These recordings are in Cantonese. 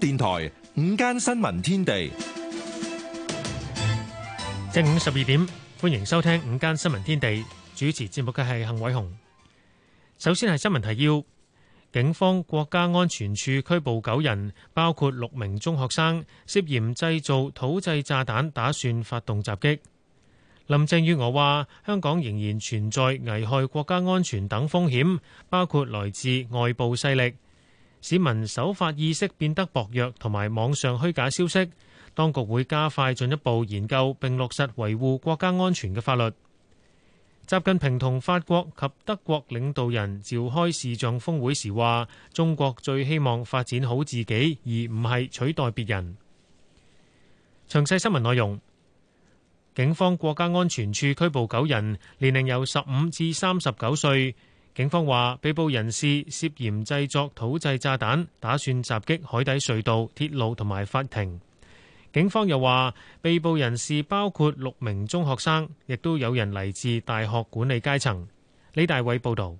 電台午間新聞天地，正午十二點，歡迎收聽午間新聞天地。主持節目嘅係幸偉雄。首先係新聞提要：警方國家安全處拘捕九人，包括六名中學生，涉嫌製造土製炸彈，打算發動襲擊。林鄭月娥話：香港仍然存在危害國家安全等風險，包括來自外部勢力。市民守法意識變得薄弱，同埋網上虛假消息，當局會加快進一步研究並落實維護國家安全嘅法律。習近平同法國及德國領導人召開視像峰會時話：中國最希望發展好自己，而唔係取代別人。詳細新聞內容，警方國家安全處拘捕九人，年齡由十五至三十九歲。警方話，被捕人士涉嫌製作土製炸彈，打算襲擊海底隧道、鐵路同埋法庭。警方又話，被捕人士包括六名中學生，亦都有人嚟自大學管理階層。李大偉報道。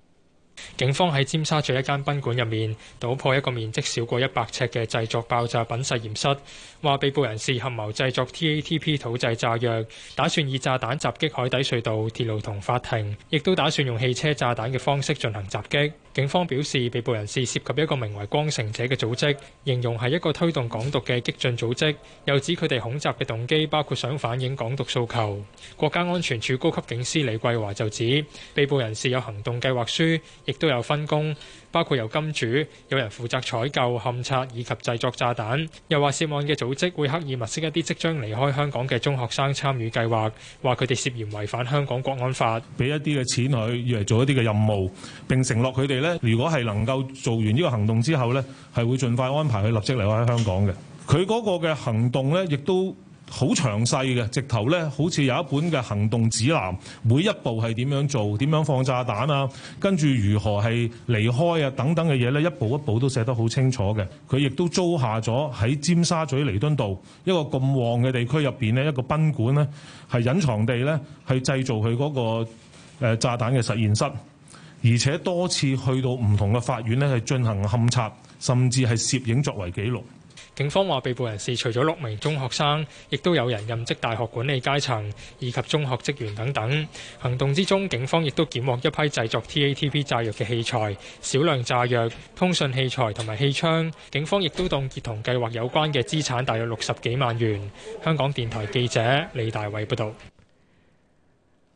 警方喺尖沙咀一間賓館入面搗破一個面積少過一百尺嘅製作爆炸品實驗室，話被捕人士合謀製作 T A T P 土製炸藥，打算以炸彈襲擊海底隧道、鐵路同法庭，亦都打算用汽車炸彈嘅方式進行襲擊。警方表示，被捕人士涉及一個名為光城者嘅組織，形容係一個推動港獨嘅激進組織，又指佢哋恐襲嘅動機包括想反映港獨訴求。國家安全處高級警司李桂華就指，被捕人士有行動計劃書，亦都有分工。包括由金主、有人負責採購、勘察，以及製作炸彈。又話涉案嘅組織會刻意物色一啲即將離開香港嘅中學生參與計劃，話，佢哋涉嫌違反香港國安法，俾一啲嘅錢去，佢，以嚟做一啲嘅任務，並承諾佢哋咧，如果係能夠做完呢個行動之後咧，係會盡快安排佢立即離開香港嘅。佢嗰個嘅行動咧，亦都。好詳細嘅，直頭呢好似有一本嘅行動指南，每一步係點樣做，點樣放炸彈啊，跟住如何係離開啊等等嘅嘢呢，一步一步都寫得好清楚嘅。佢亦都租下咗喺尖沙咀彌敦道一個咁旺嘅地區入邊呢一個賓館呢，係隱藏地呢，係製造佢嗰個炸彈嘅實驗室，而且多次去到唔同嘅法院呢係進行勘察，甚至係攝影作為記錄。警方話被捕人士除咗六名中學生，亦都有人任職大學管理階層以及中學職員等等。行動之中，警方亦都檢獲一批製作 TATP 炸藥嘅器材、少量炸藥、通訊器材同埋氣槍。警方亦都凍結同計劃有關嘅資產大約六十幾萬元。香港電台記者李大偉報導。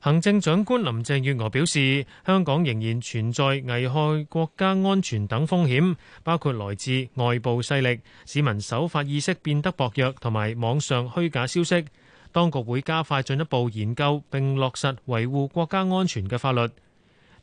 行政長官林鄭月娥表示，香港仍然存在危害國家安全等風險，包括來自外部勢力、市民守法意識變得薄弱同埋網上虛假消息。當局會加快進一步研究並落實維護國家安全嘅法律。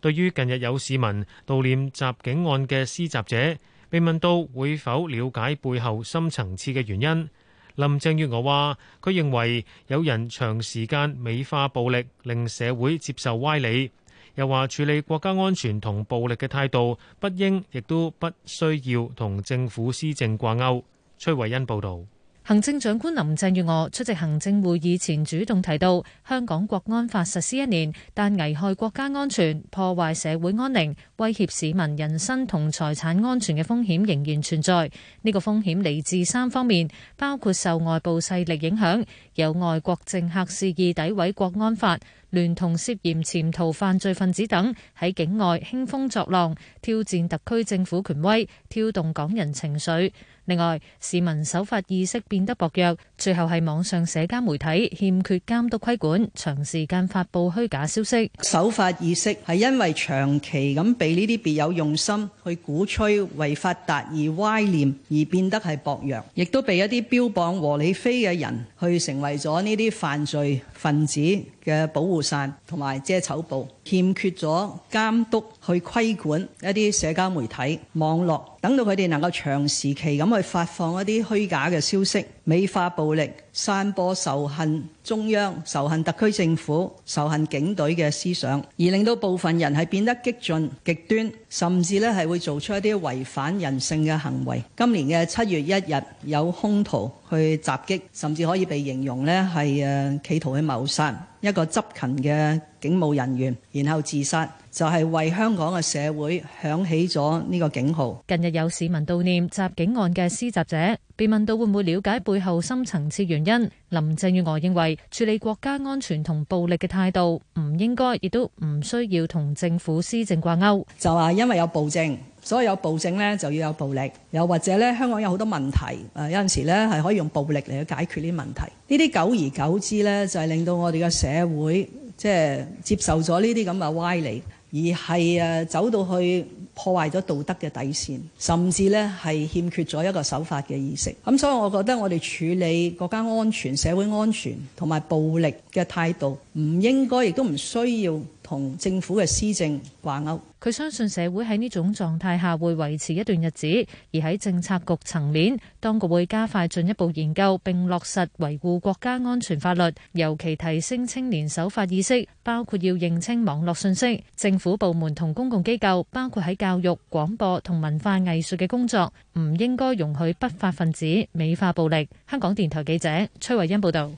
對於近日有市民悼念襲警案嘅施襲者，被問到會否了解背後深層次嘅原因。林鄭月娥話，佢認為有人長時間美化暴力，令社會接受歪理。又話處理國家安全同暴力嘅態度，不應亦都不需要同政府施政掛鈎。崔慧恩報導。行政長官林鄭月娥出席行政會議前主動提到，香港國安法實施一年，但危害國家安全、破壞社會安寧、威脅市民人身同財產安全嘅風險仍然存在。呢個風險嚟自三方面，包括受外部勢力影響，有外國政客肆意詆毀國安法，聯同涉嫌潛逃犯罪分子等喺境外興風作浪，挑戰特區政府權威，挑動港人情緒。另外，市民守法意識變得薄弱，最後係網上社交媒體欠缺監督規管，長時間發布虛假消息。守法意識係因為長期咁被呢啲別有用心去鼓吹違法達而歪念，而變得係薄弱，亦都被一啲標榜和理非嘅人去成為咗呢啲犯罪分子嘅保護傘同埋遮醜布，欠缺咗監督去規管一啲社交媒體、網絡，等到佢哋能夠長時期咁去發放一啲虛假嘅消息。美化暴力、散播仇恨中央、仇恨特區政府、仇恨警隊嘅思想，而令到部分人係變得激進、極端，甚至咧係會做出一啲違反人性嘅行為。今年嘅七月一日有兇徒去襲擊，甚至可以被形容咧係誒企圖去謀殺一個執勤嘅。警務人員然後自殺，就係為香港嘅社會響起咗呢個警號。近日有市民悼念襲警案嘅施襲者，被問到會唔會了解背後深層次原因。林鄭月娥認為處理國家安全同暴力嘅態度唔應該，亦都唔需要同政府施政掛鈎。就話因為有暴政，所以有暴政呢，就要有暴力，又或者呢，香港有好多問題，誒有陣時呢係可以用暴力嚟去解決呢啲問題。呢啲久而久之呢，就係令到我哋嘅社會。即係接受咗呢啲咁嘅歪理，而係誒走到去破壞咗道德嘅底線，甚至咧係欠缺咗一個守法嘅意識。咁所以，我覺得我哋處理國家安全、社會安全同埋暴力嘅態度，唔應該亦都唔需要同政府嘅施政掛鈎。佢相信社會喺呢種狀態下會維持一段日子，而喺政策局層面，當局會加快進一步研究並落實維護國家安全法律，尤其提升青年守法意識，包括要認清網絡信息。政府部門同公共機構，包括喺教育、廣播同文化藝術嘅工作，唔應該容許不法分子美化暴力。香港電台記者崔慧恩報導，《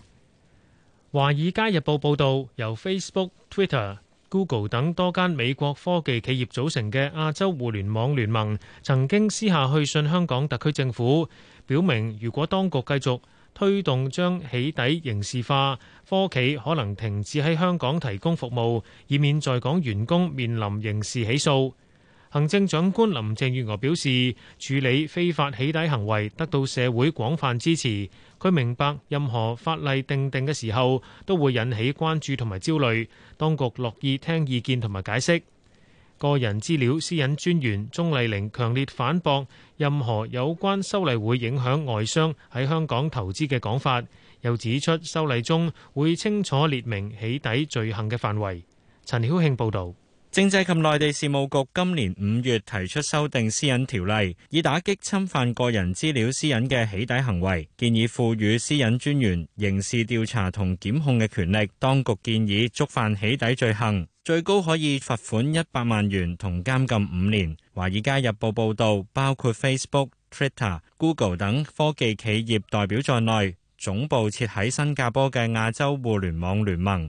華爾街日報》報導，由 Facebook、Twitter。Google 等多間美國科技企業組成嘅亞洲互聯網聯盟，曾經私下去信香港特區政府，表明如果當局繼續推動將起底刑事化，科企可能停止喺香港提供服務，以免在港員工面臨刑事起訴。行政長官林鄭月娥表示，處理非法起底行為得到社會廣泛支持。佢明白任何法例訂定嘅時候都會引起關注同埋焦慮，當局樂意聽意見同埋解釋。個人資料私隱專員鍾麗玲強烈反駁任何有關修例會影響外商喺香港投資嘅講法，又指出修例中會清楚列明起底罪行嘅範圍。陳曉慶報導。政制及內地事務局今年五月提出修訂私隱條例，以打擊侵犯個人資料私隱嘅起底行為，建議賦予私隱專員刑事調查同檢控嘅權力。當局建議觸犯起底罪行，最高可以罰款一百萬元同監禁五年。華爾街日報報道，包括 Facebook、Twitter、Google 等科技企業代表在內，總部設喺新加坡嘅亞洲互聯網聯盟。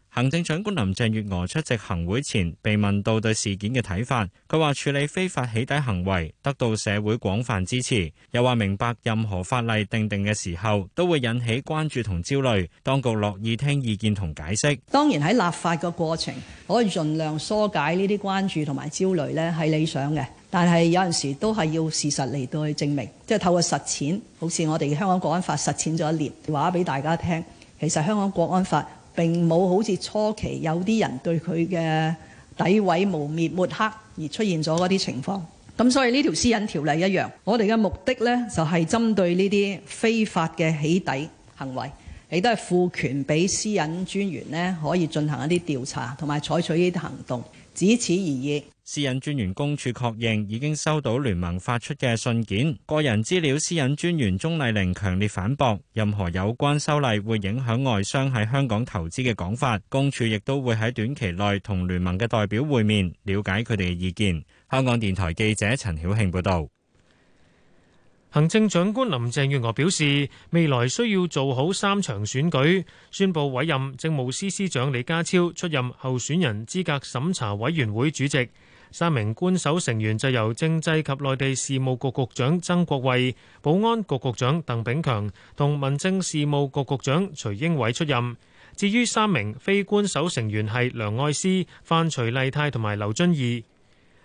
行政長官林鄭月娥出席行會前被問到對事件嘅睇法，佢話處理非法起底行為得到社會廣泛支持，又話明白任何法例定定嘅時候都會引起關注同焦慮，當局樂意聽意見同解釋。當然喺立法嘅過程，可以盡量疏解呢啲關注同埋焦慮咧係理想嘅，但係有陣時都係要事實嚟到去證明，即係透過實踐。好似我哋香港國安法實踐咗一年，話俾大家聽，其實香港國安法。並冇好似初期有啲人對佢嘅詆毀、污蔑、抹黑而出現咗嗰啲情況。咁所以呢條私隱條例一樣，我哋嘅目的呢就係針對呢啲非法嘅起底行為，你都係賦權俾私隱專員呢可以進行一啲調查同埋採取呢啲行動，只此而已。私隱專員公署確認已經收到聯盟發出嘅信件。個人資料私隱專員鍾麗玲強烈反駁，任何有關修例會影響外商喺香港投資嘅講法。公署亦都會喺短期內同聯盟嘅代表會面，了解佢哋嘅意見。香港電台記者陳曉慶報道。行政長官林鄭月娥表示，未來需要做好三場選舉，宣布委任政務司司長李家超出任候選人資格審查委員會主席。三名官守成員就由政制及內地事務局局長曾國衛、保安局局長鄧炳強同民政事務局局長徐英偉出任。至於三名非官守成員係梁愛詩、范徐麗泰同埋劉遵義。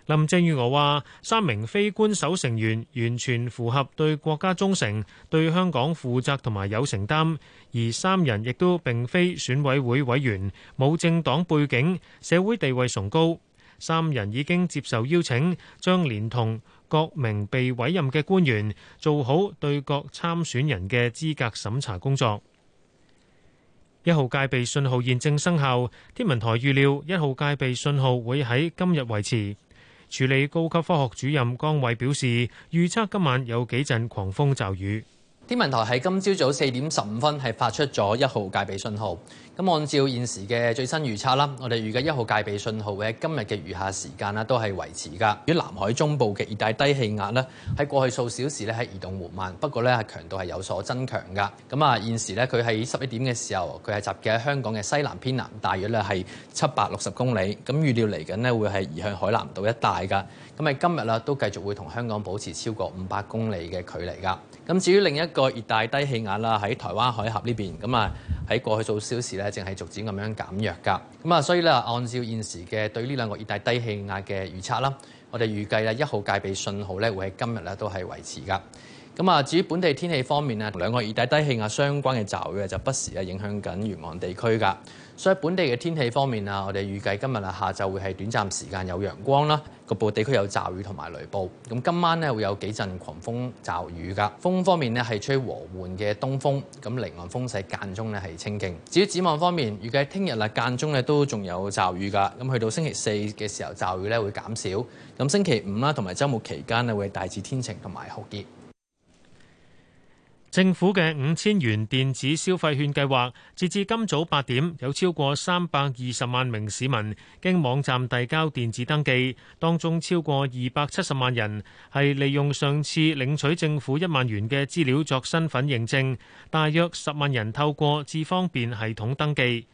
林鄭月娥話：三名非官守成員完全符合對國家忠誠、對香港負責同埋有承擔，而三人亦都並非選委會委員，冇政黨背景，社會地位崇高。三人已經接受邀請，將連同各名被委任嘅官員做好對各參選人嘅資格審查工作。一號戒備信號現正生效，天文台預料一號戒備信號會喺今日維持。處理高級科學主任江偉表示，預測今晚有幾陣狂風驟雨。天文台喺今朝早四點十五分係發出咗一號戒備信號。咁按照現時嘅最新預測啦，我哋預計一號戒備信號會喺今日嘅餘下時間啦都係維持噶。於南海中部嘅熱帶低氣壓呢，喺過去數小時呢喺移動緩慢，慢，不過咧強度係有所增強噶。咁啊，現時呢，佢喺十一點嘅時候，佢係集擊集結喺香港嘅西南偏南，大約咧係七百六十公里。咁預料嚟緊呢會係移向海南島一帶噶。咁喺今日呢，都繼續會同香港保持超過五百公里嘅距離噶。咁至於另一個熱帶低氣壓啦，喺台灣海峽呢邊，咁啊喺過去數小時咧，正係逐漸咁樣減弱噶。咁啊，所以咧按照現時嘅對呢兩個熱帶低氣壓嘅預測啦，我哋預計咧一號戒備信號咧會喺今日咧都係維持噶。咁啊，至於本地天氣方面咧，兩個熱帶低氣壓相關嘅驟雨嘅就不時嘅影響緊沿岸地區㗎。所以本地嘅天氣方面啊，我哋預計今日啊下晝會係短暫時間有陽光啦，局部地區有驟雨同埋雷暴。咁今晚咧會有幾陣狂風驟雨㗎。風方面咧係吹和緩嘅東風，咁離岸風勢間中咧係清勁。至於展望方面，預計聽日啊間中咧都仲有驟雨㗎。咁去到星期四嘅時候驟雨咧會減少。咁星期五啦同埋周末期間咧會大致天晴同埋酷熱。政府嘅五千元電子消費券計劃截至今早八點，有超過三百二十萬名市民經網站遞交電子登記，當中超過二百七十萬人係利用上次領取政府一萬元嘅資料作身份認證，大約十萬人透過智方便系統登記。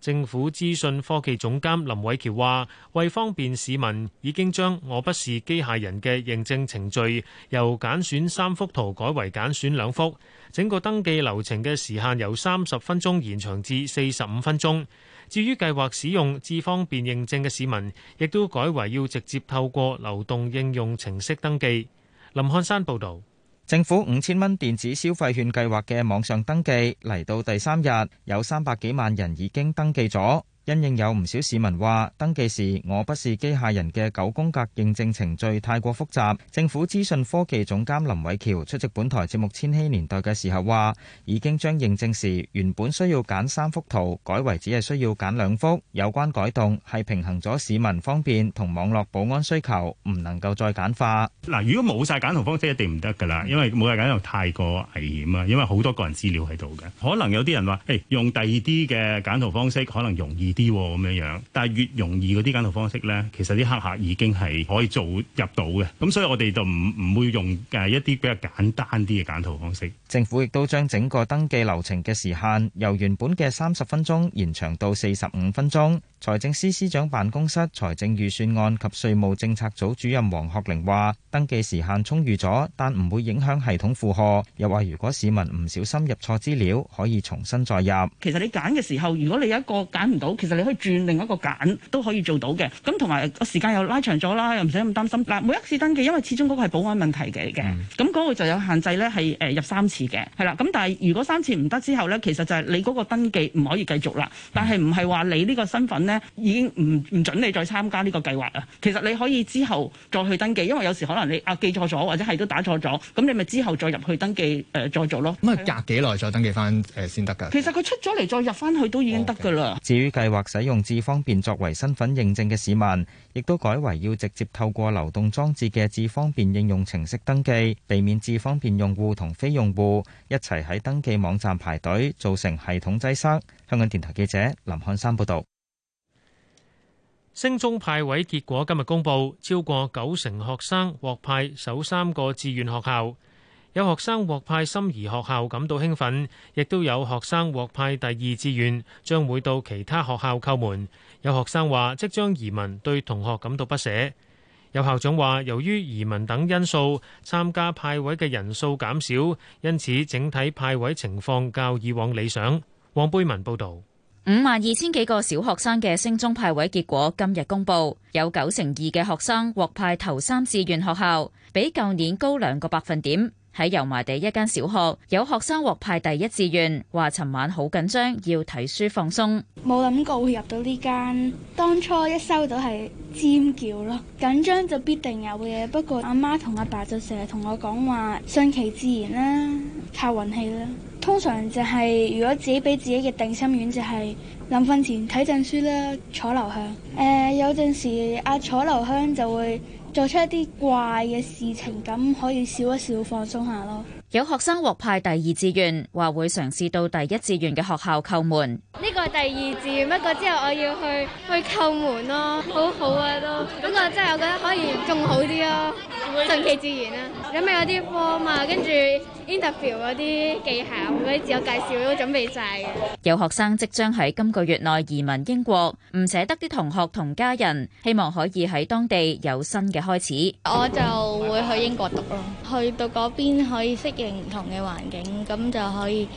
政府資訊科技總監林偉喬話，為方便市民，已經將我不是機械人嘅認證程序由揀選三幅圖改為揀選兩幅，整個登記流程嘅時限由三十分鐘延長至四十五分鐘。至於計劃使用智方便認證嘅市民，亦都改為要直接透過流動應用程式登記。林漢山報導。政府五千蚊電子消費券計劃嘅網上登記，嚟到第三日，有三百幾萬人已經登記咗。因應有唔少市民話，登記時我不是機械人嘅九宮格認證程序太過複雜。政府資訊科技總監林偉喬出席本台節目《千禧年代》嘅時候話，已經將認證時原本需要揀三幅圖，改為只係需要揀兩幅。有關改動係平衡咗市民方便同網絡保安需求，唔能夠再簡化。嗱，如果冇晒揀圖方式一定唔得㗎啦，因為冇晒揀圖太過危險啊，因為好多個人資料喺度嘅。可能有啲人話，誒、欸、用第二啲嘅揀圖方式可能容易啲喎，咁樣樣，但係越容易嗰啲揀號方式呢，其實啲黑客已經係可以做入到嘅，咁所以我哋就唔唔會用誒一啲比較簡單啲嘅揀號方式。政府亦都將整個登記流程嘅時限由原本嘅三十分鐘延長到四十五分鐘。財政司司長辦公室、財政預算案及稅務政策組主任黃學玲話：登記時限充裕咗，但唔會影響系統負荷。又話如果市民唔小心入錯資料，可以重新再入。其實你揀嘅時候，如果你有一個揀唔到，其其實你可以轉另一個揀都可以做到嘅，咁同埋個時間又拉長咗啦，又唔使咁擔心。嗱，每一次登記，因為始終嗰個係保安問題嚟嘅，咁嗰、嗯、個就有限制咧，係誒入三次嘅，係啦。咁但係如果三次唔得之後咧，其實就係你嗰個登記唔可以繼續啦。嗯、但係唔係話你呢個身份咧已經唔唔准你再參加呢個計劃啊？其實你可以之後再去登記，因為有時可能你啊記錯咗，或者係都打錯咗，咁你咪之後再入去登記誒、呃、再做咯。咁啊、嗯，隔幾耐再登記翻誒先得㗎？其實佢出咗嚟再入翻去都已經得㗎啦。至於計劃，或使用智方便作為身份認證嘅市民，亦都改為要直接透過流動裝置嘅智方便應用程式登記，避免智方便用戶同非用戶一齊喺登記網站排隊，造成系統擠塞。香港電台記者林漢山報道。升中派位結果今日公布，超過九成學生獲派首三個志願學校。有學生獲派心儀學校，感到興奮；亦都有學生獲派第二志願，將會到其他學校叩門。有學生話，即將移民，對同學感到不捨。有校長話，由於移民等因素，參加派位嘅人數減少，因此整體派位情況較以往理想。黃貝文報導，五萬二千幾個小學生嘅升中派位結果今日公布，有九成二嘅學生獲派頭三志願學校，比舊年高兩個百分點。喺油麻地一間小學，有學生獲派第一志願，話尋晚好緊張，要睇書放鬆。冇諗過會入到呢間，當初一收到係尖叫咯，緊張就必定有嘅。不過阿媽同阿爸，爸就成日同我講話，順其自然啦、啊，靠運氣啦、啊。通常就係、是、如果自己俾自己嘅定心丸就係臨瞓前睇陣書啦，楚留香。誒、呃，有陣時阿楚留香就會。做出一啲怪嘅事情，咁可以少一少放鬆下咯。有學生獲派第二志願，話會嘗試到第一志願嘅學校叩門。呢個係第二志願，不過之後我要去去叩門咯，好好啊都。不過真係我覺得可以仲好啲咯，順其自然啦、啊。咁咪有啲科嘛，跟住。interview 嗰啲技巧、嗰啲自我介紹都準備曬嘅。有學生即將喺今個月內移民英國，唔捨得啲同學同家人，希望可以喺當地有新嘅開始。我就會去英國讀咯，去到嗰邊可以適應唔同嘅環境，咁就可以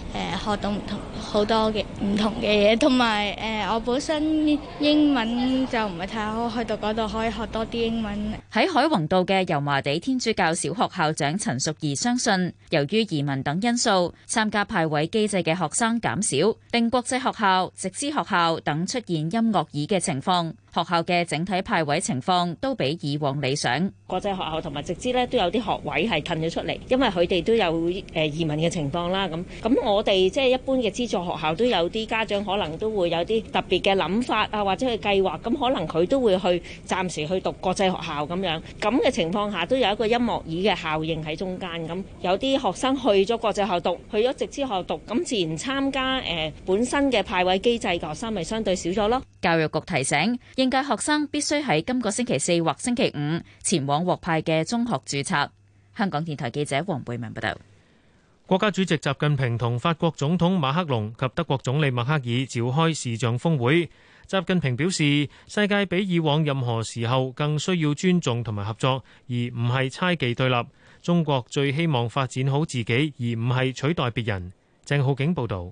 誒學到唔同好多嘅唔同嘅嘢，同埋誒我本身英文就唔係太好，去到嗰度可以學多啲英文。喺海泓道嘅油麻地天主教小學校長陳淑儀相信，由於移民等因素，參加派位機制嘅學生減少，令國際學校、直資學校等出現音樂椅嘅情況。學校嘅整體派位情況都比以往理想。國際學校同埋直資咧都有啲學位係褪咗出嚟，因為佢哋都有誒，移民嘅情況啦。咁咁我哋即係一般嘅資助學校都有啲家長可能都會有啲特別嘅諗法啊，或者嘅計劃。咁可能佢都會去暫時去讀國際學校咁樣。咁嘅情況下都有一個音樂椅嘅效應喺中間。咁有啲學生去咗國際學校讀，去咗直資學校讀，咁自然參加誒本身嘅派位機制嘅學生咪相對少咗咯。教育局提醒。應屆學生必須喺今個星期四或星期五前往獲派嘅中學註冊。香港電台記者黃貝文報道。國家主席習近平同法國總統馬克龍及德國總理默克爾召開視像峰會。習近平表示，世界比以往任何時候更需要尊重同埋合作，而唔係猜忌對立。中國最希望發展好自己，而唔係取代別人。鄭浩景報道。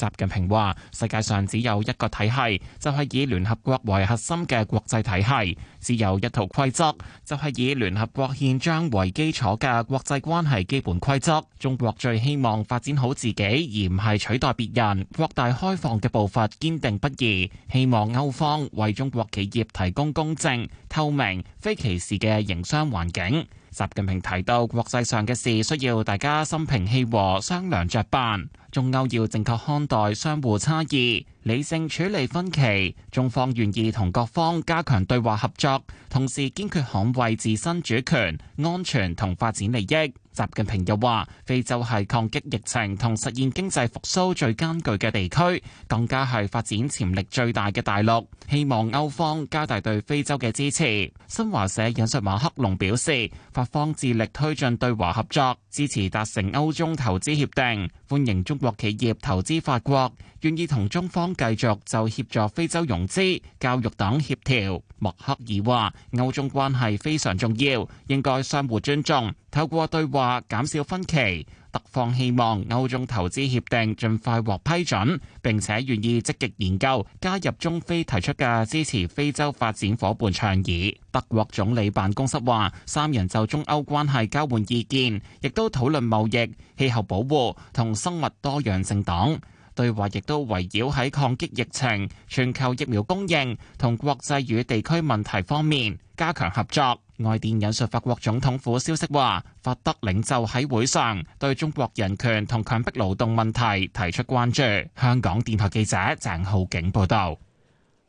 習近平話：世界上只有一個體系，就係、是、以聯合國為核心嘅國際體系，只有一套規則，就係、是、以聯合國憲章為基礎嘅國際關係基本規則。中國最希望發展好自己，而唔係取代別人。擴大開放嘅步伐堅定不移，希望歐方為中國企業提供公正、透明、非歧視嘅營商環境。習近平提到，國際上嘅事需要大家心平氣和，商量着辦，中歐要正確看待相互差異。理性處理分歧，中方願意同各方加強對話合作，同時堅決捍衛自身主權、安全同發展利益。習近平又話：非洲係抗擊疫情同實現經濟復甦最艱巨嘅地區，更加係發展潛力最大嘅大陸。希望歐方加大對非洲嘅支持。新華社引述馬克龍表示：法方致力推進對華合作。支持達成歐中投資協定，歡迎中國企業投資法國，願意同中方繼續就協助非洲融資、教育等協調。默克爾話：歐中關係非常重要，應該相互尊重，透過對話減少分歧。特方希望歐中投資協定盡快獲批准，並且願意積極研究加入中非提出嘅支持非洲發展伙伴倡議。德國總理辦公室話，三人就中歐關係交換意見，亦都討論貿易、氣候保護同生物多樣性等。對話亦都圍繞喺抗擊疫情、全球疫苗供應同國際與地區問題方面加強合作。外電引述，法國總統府消息話，法德領袖喺會上對中國人權同強迫勞動問題提出關注。香港電台記者鄭浩景報道。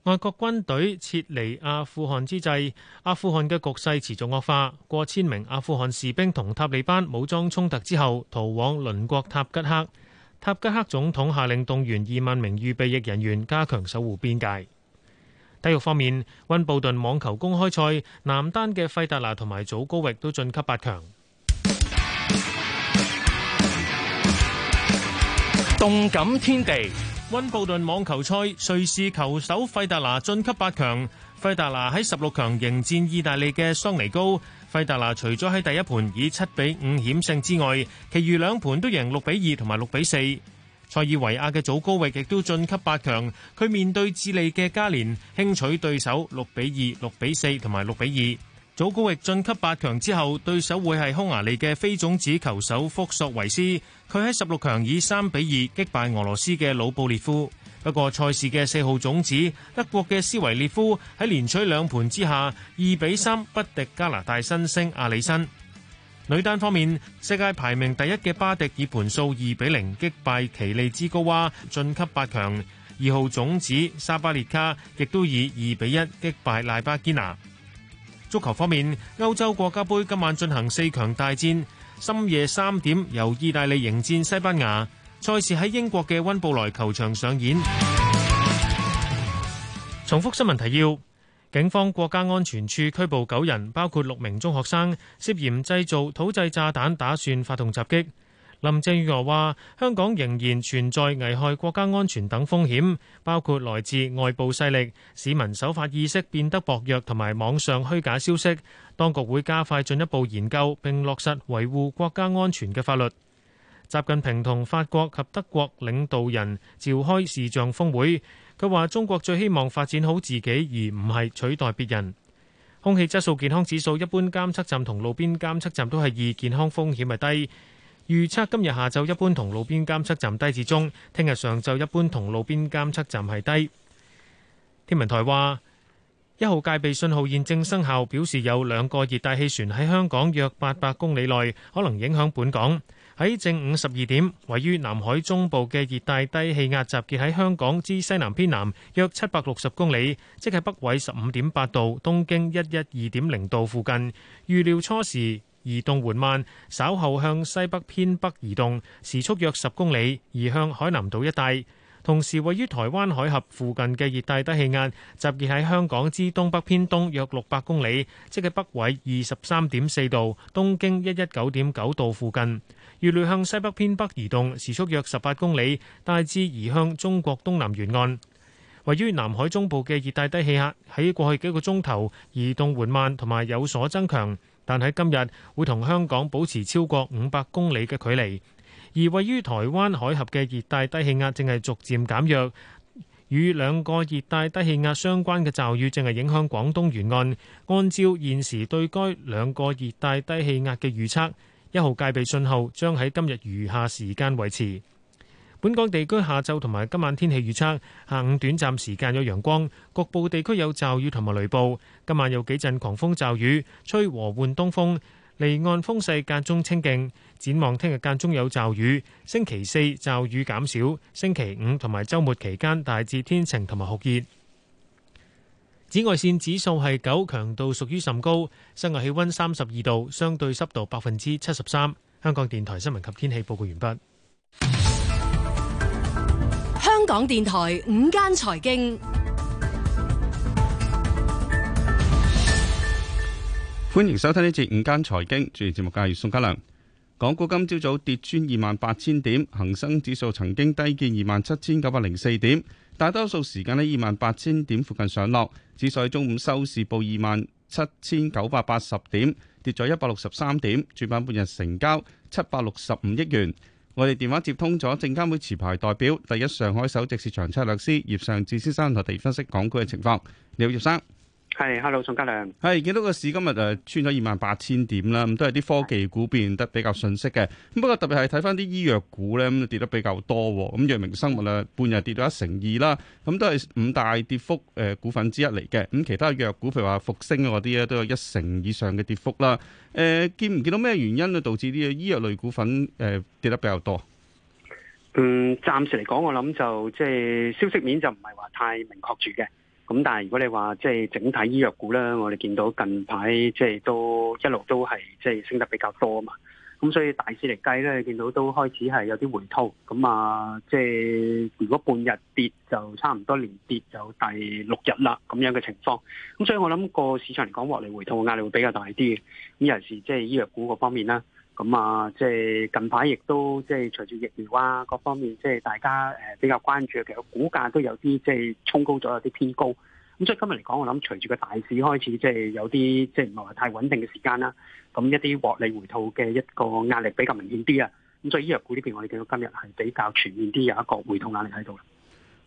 外國軍隊撤離阿富汗之際，阿富汗嘅局勢持續惡化。過千名阿富汗士兵同塔利班武裝衝突之後，逃往鄰國塔吉克。塔吉克總統下令動員二萬名預備役人員加強守護邊界。體育方面，溫布頓網球公開賽男單嘅費達拿同埋祖高域都晉級八強。動感天地，溫布頓網球賽瑞士球手費達拿晉級八強。費達拿喺十六強迎戰意大利嘅桑尼高。費達拿除咗喺第一盤以七比五險勝之外，其餘兩盤都贏六比二同埋六比四。塞爾維亞嘅祖高域亦都晉級八強，佢面對智利嘅加連輕取對手六比二、六比四同埋六比二。祖高域晉級八強之後，對手會係匈牙利嘅非種子球手福索維斯，佢喺十六強以三比二擊敗俄羅斯嘅魯布列夫。不過賽事嘅四號種子德國嘅斯維列夫喺連取兩盤之下二比三不敵加拿大新星阿里申。女單方面，世界排名第一嘅巴迪以盤數二比零擊敗奇利茲高娃晉級八強，二號種子沙巴列卡亦都以二比一擊敗賴巴基娜。足球方面，歐洲國家杯今晚進行四強大戰，深夜三點由意大利迎戰西班牙，賽事喺英國嘅温布萊球場上演。重複新聞提要。警方國家安全處拘捕九人，包括六名中學生，涉嫌製造土製炸彈，打算發動襲擊。林鄭月娥話：香港仍然存在危害國家安全等風險，包括來自外部勢力、市民守法意識變得薄弱同埋網上虛假消息。當局會加快進一步研究並落實維護國家安全嘅法律。習近平同法國及德國領導人召開視像峰會。佢話：中國最希望發展好自己，而唔係取代別人。空氣質素健康指數一般監測站同路邊監測站都係二，健康風險係低。預測今日下晝一般同路邊監測站低至中，聽日上晝一般同路邊監測站係低。天文台話：一號戒備信號現正生效，表示有兩個熱帶氣旋喺香港約八百公里內，可能影響本港。喺正午十二點，位於南海中部嘅熱帶低氣壓集結喺香港之西南偏南約七百六十公里，即係北緯十五點八度、東經一一二點零度附近。預料初時移動緩慢，稍後向西北偏北移動，時速約十公里，移向海南島一帶。同時，位於台灣海峽附近嘅熱帶低氣壓，集結喺香港之東北偏東約六百公里，即係北緯二十三點四度、東經一一九點九度附近，預料向西北偏北移動，時速約十八公里，大致移向中國東南沿岸。位於南海中部嘅熱帶低氣壓喺過去幾個鐘頭移動緩慢同埋有所增強，但喺今日會同香港保持超過五百公里嘅距離。而位於台灣海峽嘅熱帶低氣壓正係逐漸減弱，與兩個熱帶低氣壓相關嘅驟雨正係影響廣東沿岸。按照現時對該兩個熱帶低氣壓嘅預測，一號戒備信號將喺今日餘下時間維持。本港地區下晝同埋今晚天氣預測：下午短暫時間有陽光，局部地區有驟雨同埋雷暴；今晚有幾陣狂風驟雨，吹和緩東風，離岸風勢間中清勁。展望聽日間中有驟雨，星期四驟雨減少，星期五同埋周末期間大致天晴同埋酷熱。紫外線指數係九，強度屬於甚高。室外氣温三十二度，相對濕度百分之七十三。香港電台新聞及天氣報告完畢。香港電台午間財經，歡迎收聽呢節午間財經主持節目嘅係宋家良。港股今朝早跌穿二萬八千點，恒生指數曾經低見二萬七千九百零四點，大多數時間喺二萬八千點附近上落。指數喺中午收市報二萬七千九百八十點，跌咗一百六十三點，主板半日成交七百六十五億元。我哋電話接通咗證監會持牌代表、第一上海首席市場策略師葉尚志先生，同我哋分析港股嘅情況。你好，葉生。係，hello，宋嘉良。係，見到個市今日誒穿咗二萬八千點啦，咁都係啲科技股變得比較遜色嘅。咁不過特別係睇翻啲醫藥股咧，咁跌得比較多。咁藥明生物啊，半日跌到一成二啦，咁都係五大跌幅誒股份之一嚟嘅。咁其他藥股譬如話复星嗰啲咧，都有一成以上嘅跌幅啦。誒、呃，見唔見到咩原因啊導致啲醫藥類股份誒跌得比較多？嗯，暫時嚟講，我諗就即係、就是、消息面就唔係話太明確住嘅。咁但係如果你話即係整體醫藥股咧，我哋見到近排即係都一路都係即係升得比較多啊嘛，咁所以大市嚟計咧，你見到都開始係有啲回吐，咁啊即係、就是、如果半日跌就差唔多連跌就第六日啦咁樣嘅情況，咁所以我諗個市場嚟講，獲利回吐嘅壓力會比較大啲嘅，尤其係即係醫藥股嗰方面啦。咁啊，即係近排亦都即係隨住疫苗啊各方面，即係大家誒比較關注嘅，其實股價都有啲即係衝高咗，有啲偏高。咁所以今日嚟講，我諗隨住個大市開始即係有啲即係唔係話太穩定嘅時間啦。咁一啲獲利回吐嘅一個壓力比較明顯啲啊。咁所以醫藥股呢邊，我哋見到今日係比較全面啲有一個回吐壓力喺度。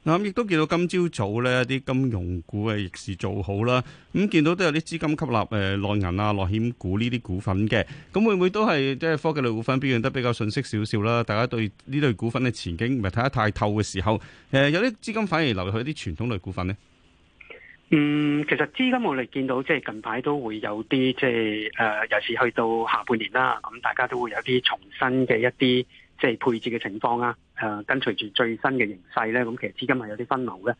嗱，亦、嗯、都見到今朝早咧，啲金融股嘅逆市做好啦。咁、嗯、見到都有啲資金吸納誒、呃、內銀啊、內險股呢啲股份嘅，咁、嗯、會唔會都係即係科技類股份表現得比較遜色少少啦？大家對呢類股份嘅前景唔係睇得太透嘅時候，誒、呃、有啲資金反而流入去啲傳統類股份呢。嗯，其實資金我哋見到即係近排都會有啲即係誒，尤其是去到下半年啦，咁大家都會有啲重新嘅一啲。即係配置嘅情況啊，誒、啊、跟隨住最新嘅形勢咧，咁其實資金係有啲分流嘅。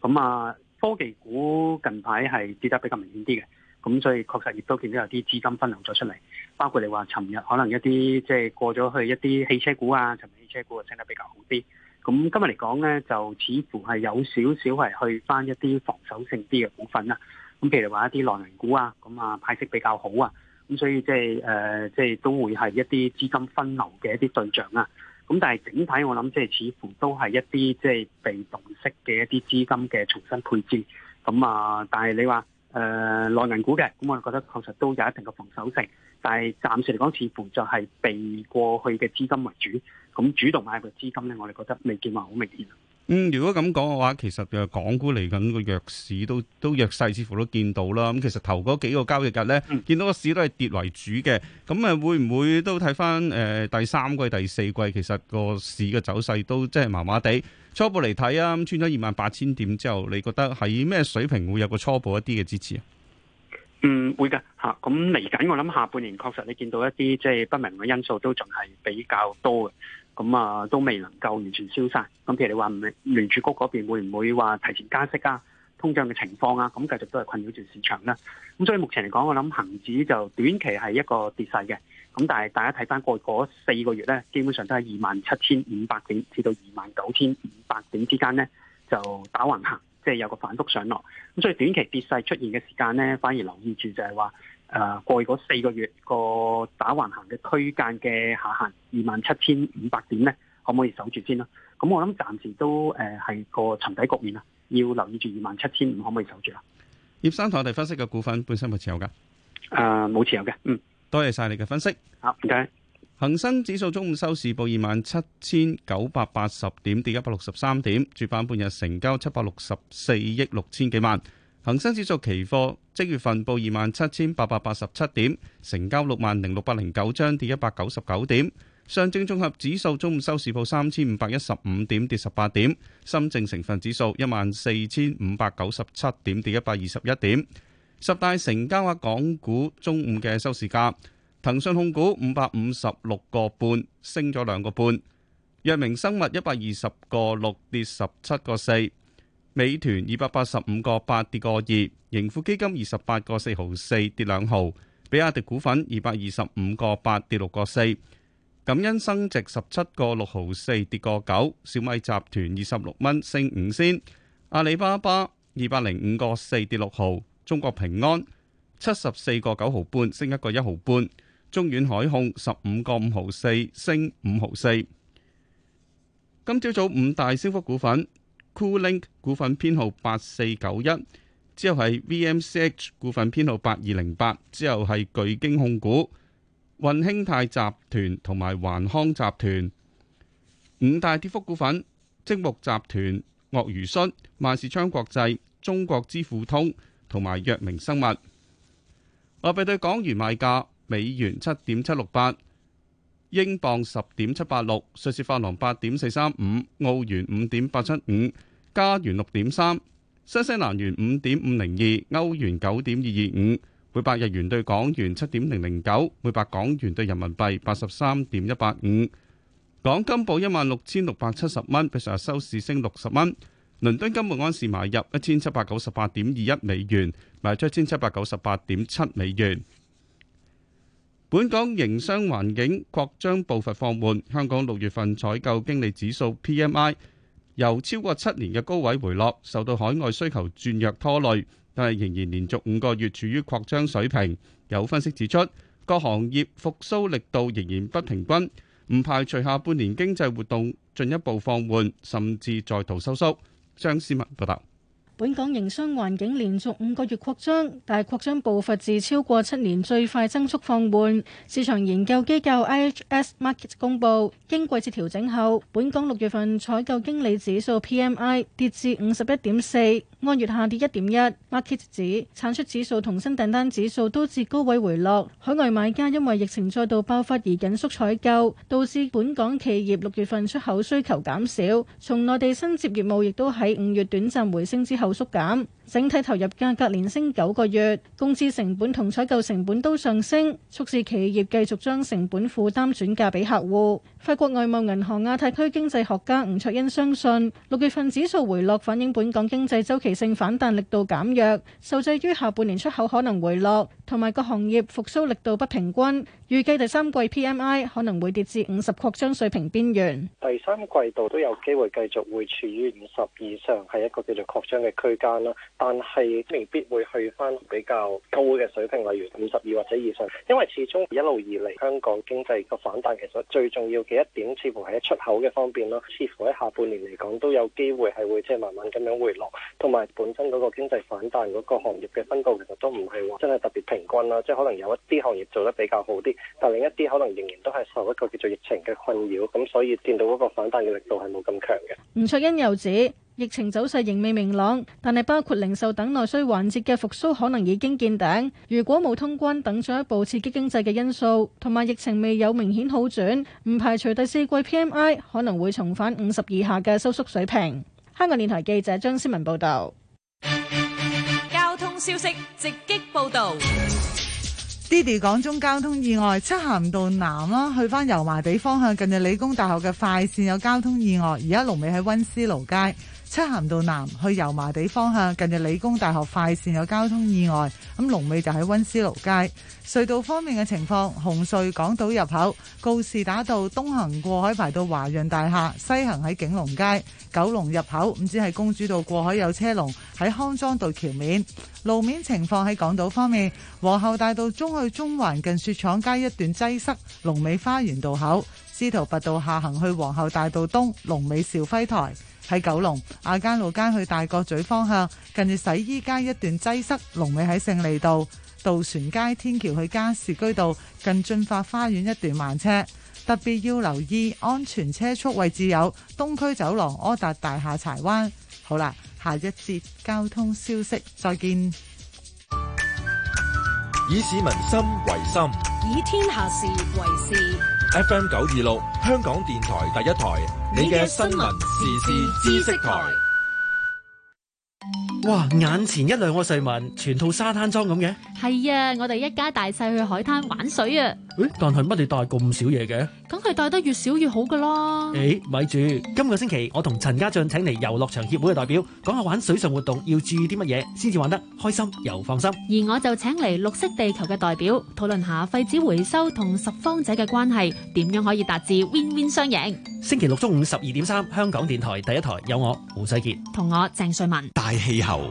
咁、嗯、啊，科技股近排係跌得比較明顯啲嘅，咁、嗯、所以確實亦都見到有啲資金分流咗出嚟。包括你話，尋日可能一啲即係過咗去一啲汽車股啊，尋日汽車股升得比較好啲。咁、嗯、今日嚟講咧，就似乎係有少少係去翻一啲防守性啲嘅股份啦、啊。咁、嗯、譬如話一啲內銀股啊，咁、嗯、啊派息比較好啊。咁所以即係誒，即、呃、係、就是、都會係一啲資金分流嘅一啲對象啦。咁但係整體我諗，即係似乎都係一啲即係被動式嘅一啲資金嘅重新配置。咁啊，但係你話誒內銀股嘅，咁我哋覺得確實都有一定嘅防守性，但係暫時嚟講似乎就係被過去嘅資金為主。咁主動買入嘅資金咧，我哋覺得未見話好明顯。嗯，如果咁講嘅話，其實嘅港股嚟緊個弱市都都弱勢，似乎都見到啦。咁其實頭嗰幾個交易日咧，嗯、見到個市都係跌為主嘅。咁誒會唔會都睇返誒第三季、第四季？其實個市嘅走勢都真係麻麻地。初步嚟睇啊，穿咗二萬八千點之後，你覺得喺咩水平會有個初步一啲嘅支持啊？嗯，會㗎吓。咁嚟緊，我諗下半年確實你見到一啲即係不明嘅因素都仲係比較多嘅。咁啊、嗯，都未能夠完全消散。咁、嗯、譬如你話，唔係聯儲局嗰邊會唔會話提前加息啊？通脹嘅情況啊，咁、嗯、繼續都係困擾住市場啦。咁、嗯、所以目前嚟講，我諗恒指就短期係一個跌勢嘅。咁、嗯、但係大家睇翻過嗰四個月咧，基本上都係二萬七千五百點至到二萬九千五百點之間咧，就打橫行，即、就、係、是、有個反覆上落。咁、嗯、所以短期跌勢出現嘅時間咧，反而留意住就係話。誒，過去嗰四個月個打橫行嘅區間嘅下限二萬七千五百點咧，可唔可以守住先啦？咁我諗暫時都誒係個沉底局面啦，要留意住二萬七千五可唔可以守住啊？葉生同我哋分析嘅股份本身冇持有噶，誒冇、呃、持有嘅，嗯，多謝晒你嘅分析。好、啊，唔該。恒生指數中午收市報二萬七千九百八十點，跌一百六十三點，主板半日成交七百六十四億六千幾萬。恒生指數期貨即月份報二萬七千八百八十七點，成交六萬零六百零九張，跌一百九十九點。上證綜合指數中午收市報三千五百一十五點，跌十八點。深證成分指數一萬四千五百九十七點，跌一百二十一點。十大成交額港股中午嘅收市價，騰訊控股五百五十六個半，升咗兩個半。藥明生物一百二十個六，跌十七個四。美團二百八十五個八跌個二，盈富基金二十八個四毫四跌兩毫，比亞迪股份二百二十五個八跌六個四，錦欣生殖十七個六毫四跌個九，小米集團二十六蚊升五仙，阿里巴巴二百零五個四跌六毫，中國平安七十四個九毫半升一個一毫半，中遠海控十五個五毫四升五毫四，今朝早五大升幅股份。Coolink 股份編號八四九一，之後係 VMCH 股份編號八二零八，之後係巨京控股、運興泰集團同埋環康集團五大跌幅股份：積木集團、鱷魚恤、萬事昌國際、中國支付通同埋藥明生物。貨幣對港元賣價美元七點七六八。英鎊十點七八六，瑞士法郎八點四三五，澳元五點八七五，加元六點三，新西蘭元五點五零二，歐元九點二二五，每百日元對港元七點零零九，每百港元對人民幣八十三點一八五。港金報一萬六千六百七十蚊，比上日收市升六十蚊。倫敦金每盎司買入一千七百九十八點二一美元，賣出一千七百九十八點七美元。本港營商環境擴張步伐放緩，香港六月份採購經理指數 P M I 由超過七年嘅高位回落，受到海外需求轉弱拖累，但係仍然連續五個月處於擴張水平。有分析指出，各行業復甦力度仍然不平均，唔排除下半年經濟活動進一步放緩，甚至再度收縮。張思文報道。本港營商環境連續五個月擴張，但擴張步伐至超過七年最快增速放緩。市場研究機構 IHS Markit 公佈，經季節調整後，本港六月份採購經理指數 PMI 跌至五十一點四，按月下跌一點一。Markit 指產出指數、同新訂單指數都至高位回落。海外買家因為疫情再度爆發而緊縮採購，導致本港企業六月份出口需求減少。從內地新接業務亦都喺五月短暫回升之後縮減。整體投入價格連升九個月，工資成本同採購成本都上升，促使企業繼續將成本負擔轉嫁俾客戶。法國外貿銀行亞太區經濟學家吳卓恩相信，六月份指數回落，反映本港經濟週期性反彈力度減弱，受制於下半年出口可能回落，同埋各行業復蘇力度不平均。預計第三季 PMI 可能會跌至五十擴張水平邊緣。第三季度都有機會繼續會處於五十以上，係一個叫做擴張嘅區間啦。但係未必會去翻比較高嘅水平，例如五十二或者以上，因為始終一路以嚟香港經濟個反彈其實最重要嘅一點似，似乎係喺出口嘅方面咯。似乎喺下半年嚟講都有機會係會即係慢慢咁樣回落，同埋本身嗰個經濟反彈嗰個行業嘅分佈其實都唔係話真係特別平均啦。即係可能有一啲行業做得比較好啲，但另一啲可能仍然都係受一個叫做疫情嘅困擾，咁所以見到嗰個反彈嘅力度係冇咁強嘅。吳卓欣又指，疫情走勢仍未明朗，但係包括零售等內需環節嘅復蘇可能已經見頂。如果冇通關等進一步刺激經濟嘅因素，同埋疫情未有明顯好轉，唔排除第四季 PMI 可能會重返五十以下嘅收縮水平。香港電台記者張思文報道。交通消息直擊報道。d i d 港中交通意外，漆咸道南啦，去翻油麻地方向。近住理工大學嘅快線有交通意外，而家龍尾喺温思勞街。漆咸道南去油麻地方向，近日理工大學快線有交通意外。咁龍尾就喺温思勞街。隧道方面嘅情況，紅隧港島入口告士打道東行過海排到華潤大廈，西行喺景隆街九龍入口，唔知係公主道過海有車龍，喺康莊道橋面。路面情況，喺港島方面，皇后大道中去中環近雪廠街一段擠塞，龍尾花園道口，司徒拔道下行去皇后大道東龍尾肇輝台。喺九龍亞皆老街去大角咀方向，近住洗衣街一段擠塞，龍尾喺勝利道；渡船街天橋去加士居道，近駿發花園一段慢車。特別要留意安全車速位置有東區走廊、柯達大廈、柴灣。好啦，下一節交通消息，再見。以市民心為心，以天下事為事。FM 九二六，香港電台第一台，你嘅新聞時事知識台。哇，眼前一兩個細民全套沙灘裝咁嘅？係啊，我哋一家大細去海灘玩水啊！但係乜你帶咁少嘢嘅？梗係帶得越少越好噶啦。誒、欸，咪住，今個星期我同陳家俊請嚟遊樂場協會嘅代表，講下玩水上活動要注意啲乜嘢，先至玩得開心又放心。而我就請嚟綠色地球嘅代表，討論下廢紙回收同拾荒者嘅關係，點樣可以達至 Win Win 雙贏。星期六中午十二點三，3，香港電台第一台有我胡世杰同我鄭瑞文，大氣候。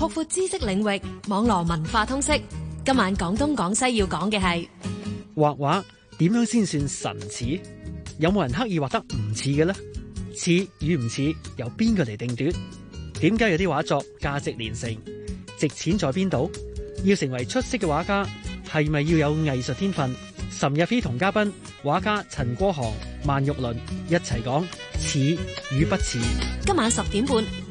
擴闊知識領域，網絡文化通識。今晚廣東廣西要講嘅係畫畫點樣先算神似？有冇人刻意畫得唔似嘅呢？似與唔似由邊個嚟定奪？點解有啲畫作價值連城？值錢在邊度？要成為出色嘅畫家，係咪要有藝術天分？岑日飛同嘉賓畫家陳國航、萬玉麟一齊講似與不似。今晚十點半。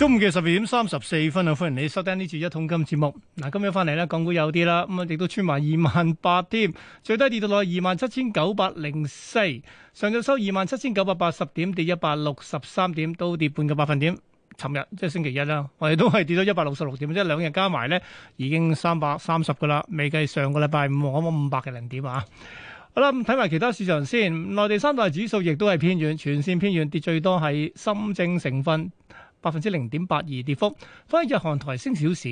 中午嘅十二點三十四分啊！歡迎你收聽呢次一桶金節目。嗱，今日翻嚟啦，港股有啲啦，咁啊，亦都穿埋二萬八添，最低跌到落二萬七千九百零四，上晝收二萬七千九百八十點，跌一百六十三點，都跌半個百分點。尋日即係星期一啦，我哋都係跌咗一百六十六點，即係兩日加埋咧已經三百三十噶啦。未計上個禮拜五，可唔可五百嘅零點啊？好啦，咁睇埋其他市場先，內地三大指數亦都係偏軟，全線偏軟，跌最多係深證成分。百分之零點八二跌幅，反而日韓台升少少。